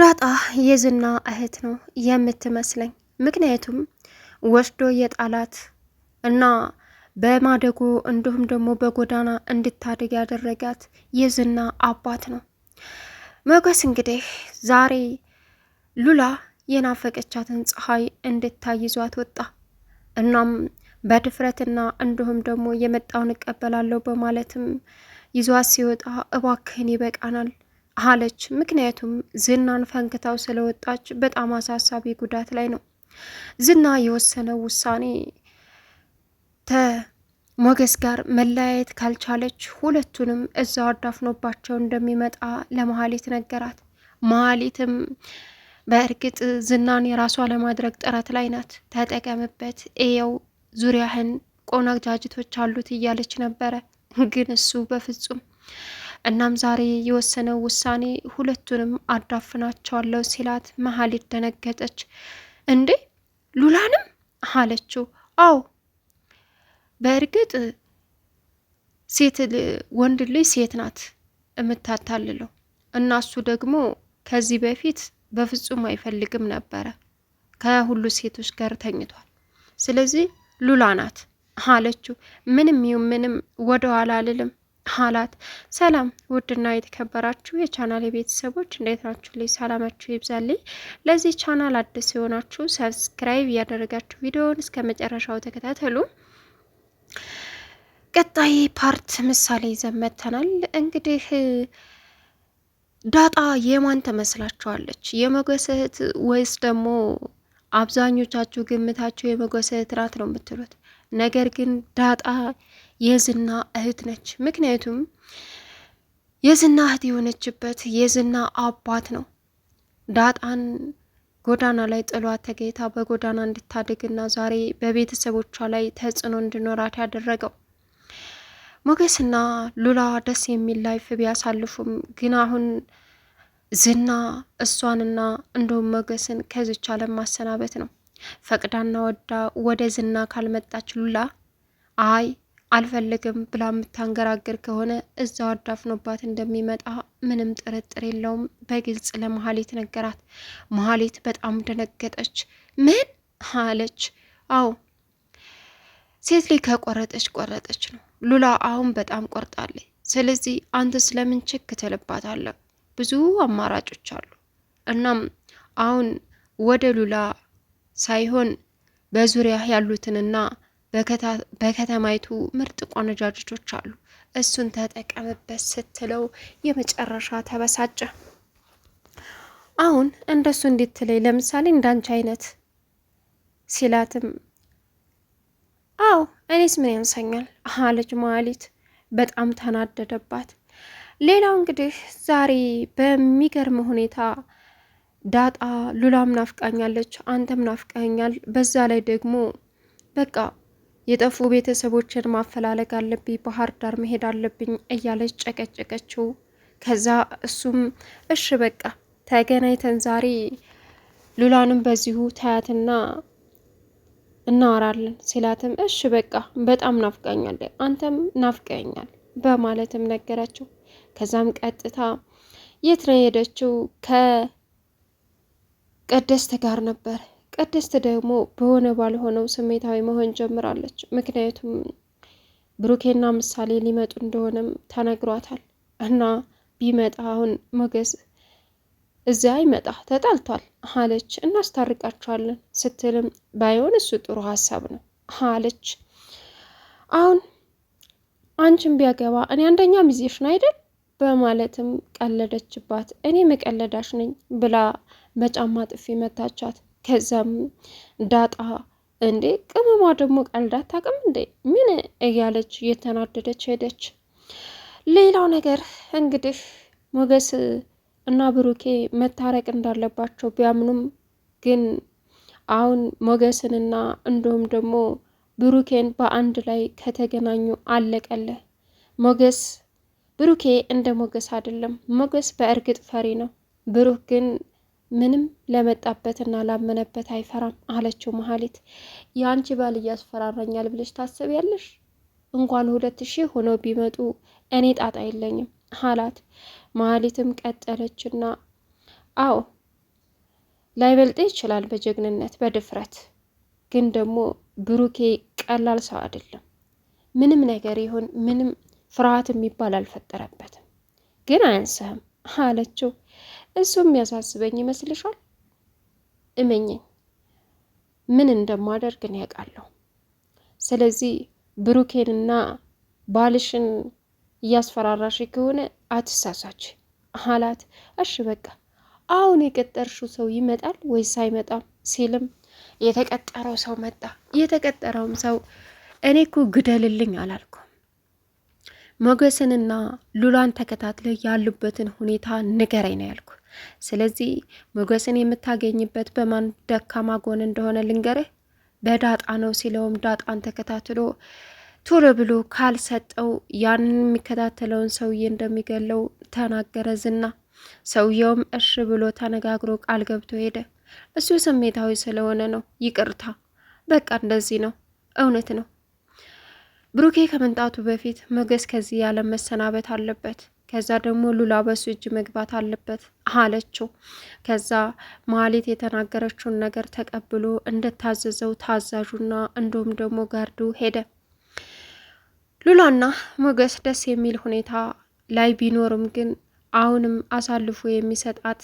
ዳጣ የዝና እህት ነው የምትመስለኝ። ምክንያቱም ወስዶ የጣላት እና በማደጎ እንዲሁም ደግሞ በጎዳና እንድታድግ ያደረጋት የዝና አባት ነው። ሞገስ እንግዲህ ዛሬ ሉላ የናፈቀቻትን ፀሐይ እንድታይዟት ይዟት ወጣ። እናም በድፍረትና እንዲሁም ደግሞ የመጣውን እቀበላለሁ በማለትም ይዟት ሲወጣ እባክህን ይበቃናል አለች። ምክንያቱም ዝናን ፈንክታው ስለወጣች በጣም አሳሳቢ ጉዳት ላይ ነው። ዝና የወሰነው ውሳኔ ከሞገስ ጋር መለያየት ካልቻለች ሁለቱንም እዛው አዳፍኖባቸው እንደሚመጣ ለመሀሊት ነገራት። መሀሊትም በእርግጥ ዝናን የራሷ ለማድረግ ጥረት ላይ ናት። ተጠቀምበት፣ እየው፣ ዙሪያህን ቆነጃጅቶች አሉት እያለች ነበረ። ግን እሱ በፍጹም እናም ዛሬ የወሰነው ውሳኔ ሁለቱንም አዳፍናቸዋለሁ ሲላት መሀል ደነገጠች። እንዴ ሉላንም አለችው። አዎ በእርግጥ ሴት ወንድ ልጅ ሴት ናት የምታታልለው እና እሱ ደግሞ ከዚህ በፊት በፍጹም አይፈልግም ነበረ። ከሁሉ ሴቶች ጋር ተኝቷል። ስለዚህ ሉላ ናት አለችው። ምንም ይሁን ምንም ወደኋላ አልልም አላት። ሰላም ውድና የተከበራችሁ የቻናል የቤተሰቦች እንዴት ናችሁ? ልይ ሰላማችሁ ይብዛልኝ። ለዚህ ቻናል አዲስ የሆናችሁ ሰብስክራይብ እያደረጋችሁ ቪዲዮውን እስከ መጨረሻው ተከታተሉ። ቀጣይ ፓርት ምሳሌ ይዘመተናል። እንግዲህ ዳጣ የማን ትመስላችኋለች? የሞገስ እህት ወይስ ደግሞ አብዛኞቻችሁ ግምታችሁ የሞገስ እህት ናት ነው የምትሉት? ነገር ግን ዳጣ የዝና እህት ነች። ምክንያቱም የዝና እህት የሆነችበት የዝና አባት ነው ዳጣን ጎዳና ላይ ጥሏት ተገኝታ በጎዳና እንድታድግና ዛሬ በቤተሰቦቿ ላይ ተጽዕኖ እንዲኖራት ያደረገው ሞገስና ሉላ ደስ የሚል ላይፍ ቢያሳልፉም ግን አሁን ዝና እሷንና እንደውም ሞገስን ከዚች ዓለም ማሰናበት ነው። ፈቅዳና ወዳ ወደ ዝና ካልመጣች ሉላ አይ አልፈልግም ብላ የምታንገራግር ከሆነ እዛው አዳፍኖባት እንደሚመጣ ምንም ጥርጥር የለውም። በግልጽ ለመሀሌት ነገራት። መሀሌት በጣም ደነገጠች። ምን አለች? አዎ ሴት ላይ ከቆረጠች ቆረጠች ነው። ሉላ አሁን በጣም ቆርጣለች። ስለዚህ አንተ ስለምን ችክ ትልባታለህ? ብዙ አማራጮች አሉ። እናም አሁን ወደ ሉላ ሳይሆን በዙሪያ ያሉትንና በከተማይቱ ምርጥ ቆነጃጅቶች አሉ፣ እሱን ተጠቀምበት ስትለው የመጨረሻ ተበሳጨ። አሁን እንደሱ እንዴት ትለይ? ለምሳሌ እንዳንቺ አይነት ሲላትም፣ አዎ እኔስ ምን ያንሰኛል አለች መሀሊት። በጣም ተናደደባት። ሌላው እንግዲህ ዛሬ በሚገርም ሁኔታ ዳጣ ሉላም ናፍቃኛለች፣ አንተም ናፍቃኛል፣ በዛ ላይ ደግሞ በቃ የጠፉ ቤተሰቦችን ማፈላለግ አለብኝ፣ ባህር ዳር መሄድ አለብኝ እያለች ጨቀጨቀችው። ከዛ እሱም እሽ በቃ ተገናኝተን ዛሬ ሉላንም በዚሁ ታያትና እናወራለን ሲላትም እሽ በቃ በጣም ናፍቃኛል፣ አንተም ናፍቀኛል በማለትም ነገረችው። ከዛም ቀጥታ የት ነው የሄደችው? ከቅድስት ጋር ነበር ቅድስት ደግሞ በሆነ ባልሆነው ስሜታዊ መሆን ጀምራለች። ምክንያቱም ብሩኬና ምሳሌ ሊመጡ እንደሆነም ተነግሯታል። እና ቢመጣ አሁን ሞገስ እዚያ አይመጣ ተጣልቷል አለች። እናስታርቃቸዋለን ስትልም ባይሆን እሱ ጥሩ ሀሳብ ነው አለች። አሁን አንቺን ቢያገባ እኔ አንደኛ ሚዜሽ ነው አይደል በማለትም ቀለደችባት። እኔ መቀለዳሽ ነኝ ብላ በጫማ ጥፊ መታቻት። ከዛም ዳጣ እንዴ ቅመሟ ደግሞ ቀልድ አታውቅም እንዴ ምን እያለች እየተናደደች ሄደች። ሌላው ነገር እንግዲህ ሞገስ እና ብሩኬ መታረቅ እንዳለባቸው ቢያምኑም ግን አሁን ሞገስንና እንዲሁም ደግሞ ብሩኬን በአንድ ላይ ከተገናኙ አለቀለ። ሞገስ ብሩኬ እንደ ሞገስ አይደለም። ሞገስ በእርግጥ ፈሪ ነው። ብሩክ ግን ምንም ለመጣበትና ላመነበት አይፈራም አለችው መሀሊት የአንቺ ባል እያስፈራረኛል ብለሽ ታስቢያለሽ? እንኳን ሁለት ሺህ ሆነው ቢመጡ እኔ ጣጣ የለኝም አላት። መሀሌትም ቀጠለችና አዎ ላይበልጥ ይችላል በጀግንነት በድፍረት ግን ደግሞ ብሩኬ ቀላል ሰው አይደለም። ምንም ነገር ይሁን ምንም ፍርሃት የሚባል አልፈጠረበትም። ግን አያንስህም አለችው። እሱ የሚያሳስበኝ ይመስልሻል? እመኝኝ፣ ምን እንደማደርግ እኔ ያውቃለሁ። ስለዚህ ብሩኬንና ባልሽን እያስፈራራሽ ከሆነ አትሳሳች አላት። እሺ በቃ አሁን የቀጠርሽው ሰው ይመጣል ወይስ አይመጣም? ሲልም የተቀጠረው ሰው መጣ። የተቀጠረውም ሰው እኔ እኮ ግደልልኝ አላልኩም፣ ሞገስንና ሉላን ተከታትለ ያሉበትን ሁኔታ ንገረኝ ነው ያልኩ። ስለዚህ ሞገስን የምታገኝበት በማን ደካማ ጎን እንደሆነ ልንገርህ በዳጣ ነው ሲለውም ዳጣን ተከታትሎ ቶሎ ብሎ ካልሰጠው ያንን የሚከታተለውን ሰውዬ እንደሚገለው ተናገረ ዝና። ሰውየውም እሽ ብሎ ተነጋግሮ ቃል ገብቶ ሄደ። እሱ ስሜታዊ ስለሆነ ነው። ይቅርታ፣ በቃ እንደዚህ ነው። እውነት ነው። ብሩኬ ከመምጣቱ በፊት ሞገስ ከዚህ ያለ መሰናበት አለበት። ከዛ ደግሞ ሉላ በሱ እጅ መግባት አለበት አለችው። ከዛ ማሌት የተናገረችውን ነገር ተቀብሎ እንደታዘዘው ታዛዡና እንዲሁም ደግሞ ጋርዱ ሄደ። ሉላና ሞገስ ደስ የሚል ሁኔታ ላይ ቢኖርም ግን አሁንም አሳልፎ የሚሰጣት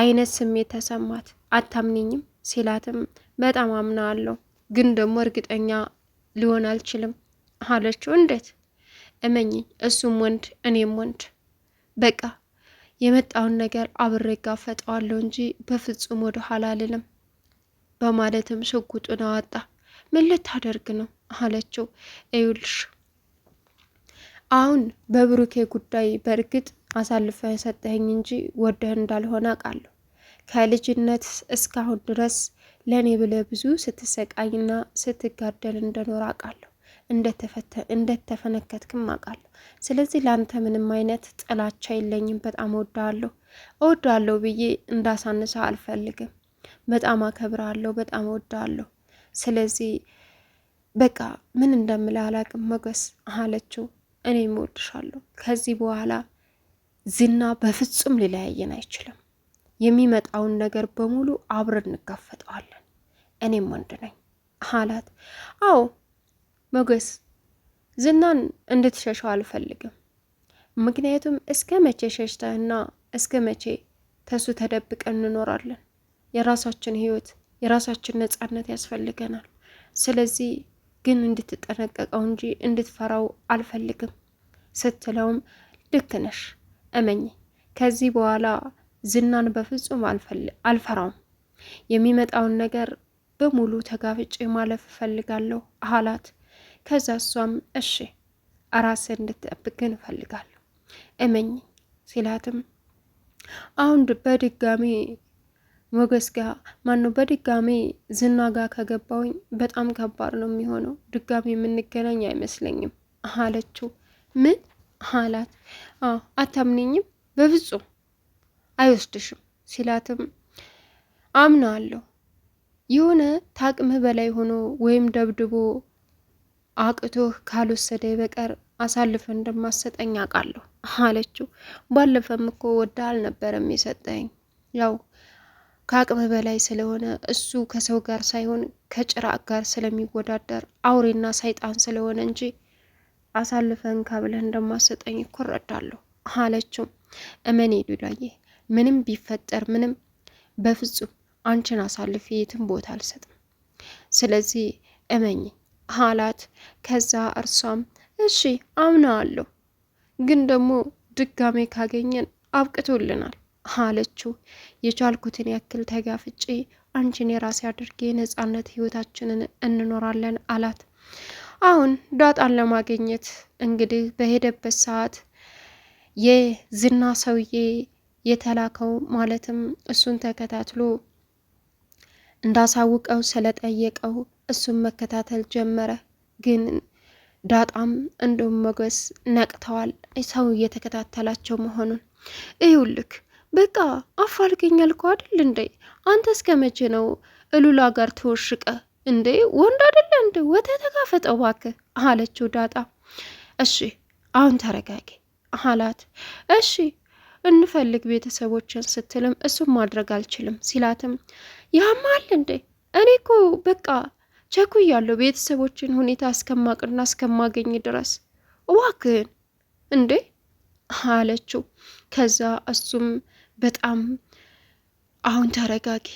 አይነት ስሜት ተሰማት። አታምንኝም ሲላትም በጣም አምና አለው ግን ደግሞ እርግጠኛ ሊሆን አልችልም አለችው። እንዴት እመኝኝ፣ እሱም ወንድ እኔም ወንድ። በቃ የመጣውን ነገር አብሬ ጋፈጠዋለሁ እንጂ በፍጹም ወደ ኋላ አልልም፣ በማለትም ሽጉጡን አወጣ። ምን ልታደርግ ነው አለችው። እዩልሽ አሁን በብሩኬ ጉዳይ በእርግጥ አሳልፈ የሰጠኸኝ እንጂ ወደህ እንዳልሆነ አውቃለሁ። ከልጅነት እስካሁን ድረስ ለእኔ ብለህ ብዙ ስትሰቃይና ስትጋደል እንደኖር አውቃለሁ። እንደተፈነከትክም አውቃለሁ። ስለዚህ ለአንተ ምንም አይነት ጥላቻ የለኝም። በጣም እወዳለሁ እወዳለሁ ብዬ እንዳሳንሰ አልፈልግም። በጣም አከብራለሁ፣ በጣም እወዳለሁ። ስለዚህ በቃ ምን እንደምልህ አላቅ ሞገስ አለችው። እኔም እወድሻለሁ። ከዚህ በኋላ ዝና በፍጹም ሊለያየን አይችልም። የሚመጣውን ነገር በሙሉ አብረን እንጋፈጠዋለን። እኔም ወንድ ነኝ አላት። አዎ ሞገስ ዝናን እንድትሸሸው አልፈልግም። ምክንያቱም እስከ መቼ ሸሽተህና እስከ መቼ ተሱ ተደብቀን እንኖራለን? የራሳችን ህይወት፣ የራሳችን ነጻነት ያስፈልገናል። ስለዚህ ግን እንድትጠነቀቀው እንጂ እንድትፈራው አልፈልግም ስትለውም ልክ ነሽ፣ እመኝ ከዚህ በኋላ ዝናን በፍጹም አልፈራውም። የሚመጣውን ነገር በሙሉ ተጋፍጬ ማለፍ እፈልጋለሁ አላት። ከዛ እሷም እሺ አራስ እንድትጠብቅ እንፈልጋለሁ እመኝ ሲላትም አሁን በድጋሚ ሞገስ ጋ ማነው በድጋሚ ዝና ጋር ከገባውኝ በጣም ከባድ ነው የሚሆነው። ድጋሚ የምንገናኝ አይመስለኝም አለችው። ምን አላት? አታምንኝም? በፍጹም አይወስድሽም ሲላትም አምናለሁ የሆነ ታቅምህ በላይ ሆኖ ወይም ደብድቦ አቅቶህ ካልወሰደ በቀር አሳልፈ እንደማሰጠኝ አውቃለሁ አለችው። ባለፈም እኮ ወደ አልነበረም የሰጠኝ ያው ከአቅም በላይ ስለሆነ እሱ ከሰው ጋር ሳይሆን ከጭራቅ ጋር ስለሚወዳደር አውሬና ሰይጣን ስለሆነ እንጂ አሳልፈን ካብለህ እንደማሰጠኝ እኮ እረዳለሁ አለችው። እመኔ ዱላዬ፣ ምንም ቢፈጠር ምንም በፍጹም አንቺን አሳልፌ የትም ቦታ አልሰጥም። ስለዚህ እመኝ አላት። ከዛ እርሷም እሺ አምና አለሁ ግን ደግሞ ድጋሜ ካገኘን አብቅቶልናል አለችው። የቻልኩትን ያክል ተጋፍጬ አንቺን የራሴ አድርጌ ነጻነት ህይወታችንን እንኖራለን አላት። አሁን ዳጣን ለማግኘት እንግዲህ በሄደበት ሰዓት የዝና ሰውዬ የተላከው ማለትም እሱን ተከታትሎ እንዳሳውቀው ስለጠየቀው እሱን መከታተል ጀመረ። ግን ዳጣም እንደውም ሞገስ ነቅተዋል፣ ሰው እየተከታተላቸው መሆኑን ይኸውልህ፣ በቃ አፋልገኝ አልኩ አይደል እንዴ? አንተ እስከ መቼ ነው እሉላ ጋር ተወሽቀ እንዴ? ወንድ አይደለ እንዴ? ወተ ተጋፈጠው እባክህ አለችው ዳጣ። እሺ አሁን ተረጋጊ አላት። እሺ እንፈልግ ቤተሰቦችን ስትልም እሱም ማድረግ አልችልም ሲላትም ያማል እንዴ እኔ እኮ በቃ ቸኩያለሁ ቤተሰቦችን ሁኔታ እስከማቅና እስከማገኝ ድረስ እዋክህን እንዴ አለችው። ከዛ እሱም በጣም አሁን ተረጋጊ፣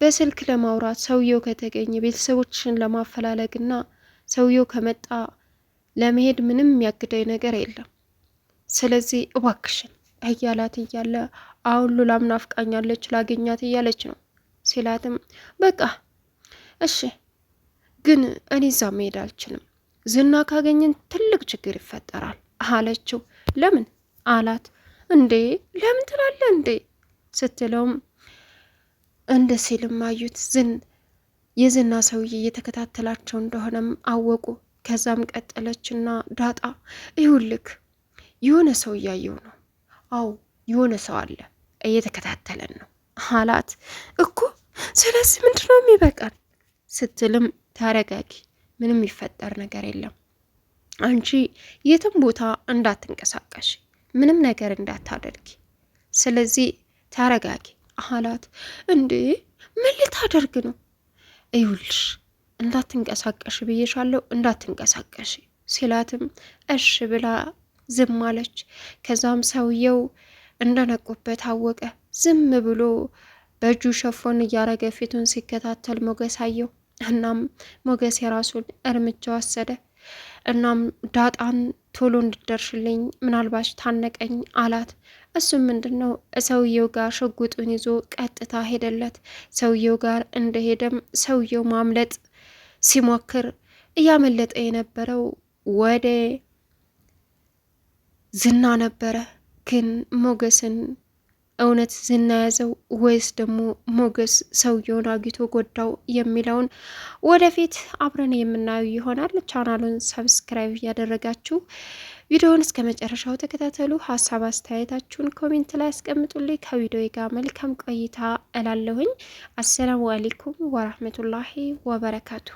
በስልክ ለማውራት ሰውየው ከተገኘ ቤተሰቦችን ለማፈላለግ እና ሰውየው ከመጣ ለመሄድ ምንም የሚያግደኝ ነገር የለም። ስለዚህ እባክሽን እያላት እያለ አሁን ሉላም ናፍቃኛለች ላገኛት እያለች ነው ሲላትም በቃ እሺ ግን እኔ እዛ መሄድ አልችልም። ዝና ካገኘን ትልቅ ችግር ይፈጠራል አለችው። ለምን አላት። እንዴ ለምን ትላለ እንዴ ስትለውም እንደ ሲልም አዩት። ዝን የዝና ሰውዬ እየተከታተላቸው እንደሆነም አወቁ። ከዛም ቀጠለችና ዳጣ ይሁልክ የሆነ ሰው እያየው ነው። አዎ የሆነ ሰው አለ እየተከታተለን ነው አላት። እኮ ስለዚህ ምንድነው የሚበቃል ስትልም ተረጋጊ፣ ምንም የሚፈጠር ነገር የለም። አንቺ የትም ቦታ እንዳትንቀሳቀሽ፣ ምንም ነገር እንዳታደርጊ፣ ስለዚህ ተረጋጊ አላት። እንዴ ምን ልታደርግ ነው? እዩልሽ እንዳትንቀሳቀሽ ብዬሻለሁ፣ እንዳትንቀሳቀሽ ሲላትም እሽ ብላ ዝም አለች። ከዛም ሰውየው እንደነቁበት አወቀ። ዝም ብሎ በእጁ ሸፎን እያረገ ፊቱን ሲከታተል ሞገስ አየው። እናም ሞገስ የራሱን እርምጃ ወሰደ። እናም ዳጣን ቶሎ እንድደርሽልኝ ምናልባች ታነቀኝ አላት። እሱም ምንድን ነው ሰውየው ጋር ሽጉጡን ይዞ ቀጥታ ሄደለት። ሰውየው ጋር እንደሄደም ሰውየው ማምለጥ ሲሞክር እያመለጠ የነበረው ወደ ዝና ነበረ። ግን ሞገስን እውነት ዝና ያዘው ወይስ ደግሞ ሞገስ ሰውየውን አግኝቶ ጎዳው የሚለውን ወደፊት አብረን የምናየው ይሆናል። ቻናሉን ሰብስክራይብ እያደረጋችሁ ቪዲዮውን እስከ መጨረሻው ተከታተሉ። ሀሳብ አስተያየታችሁን ኮሜንት ላይ አስቀምጡልኝ። ከቪዲዮ ጋር መልካም ቆይታ እላለሁኝ። አሰላሙ አሌይኩም ወራህመቱላሂ ወበረካቱ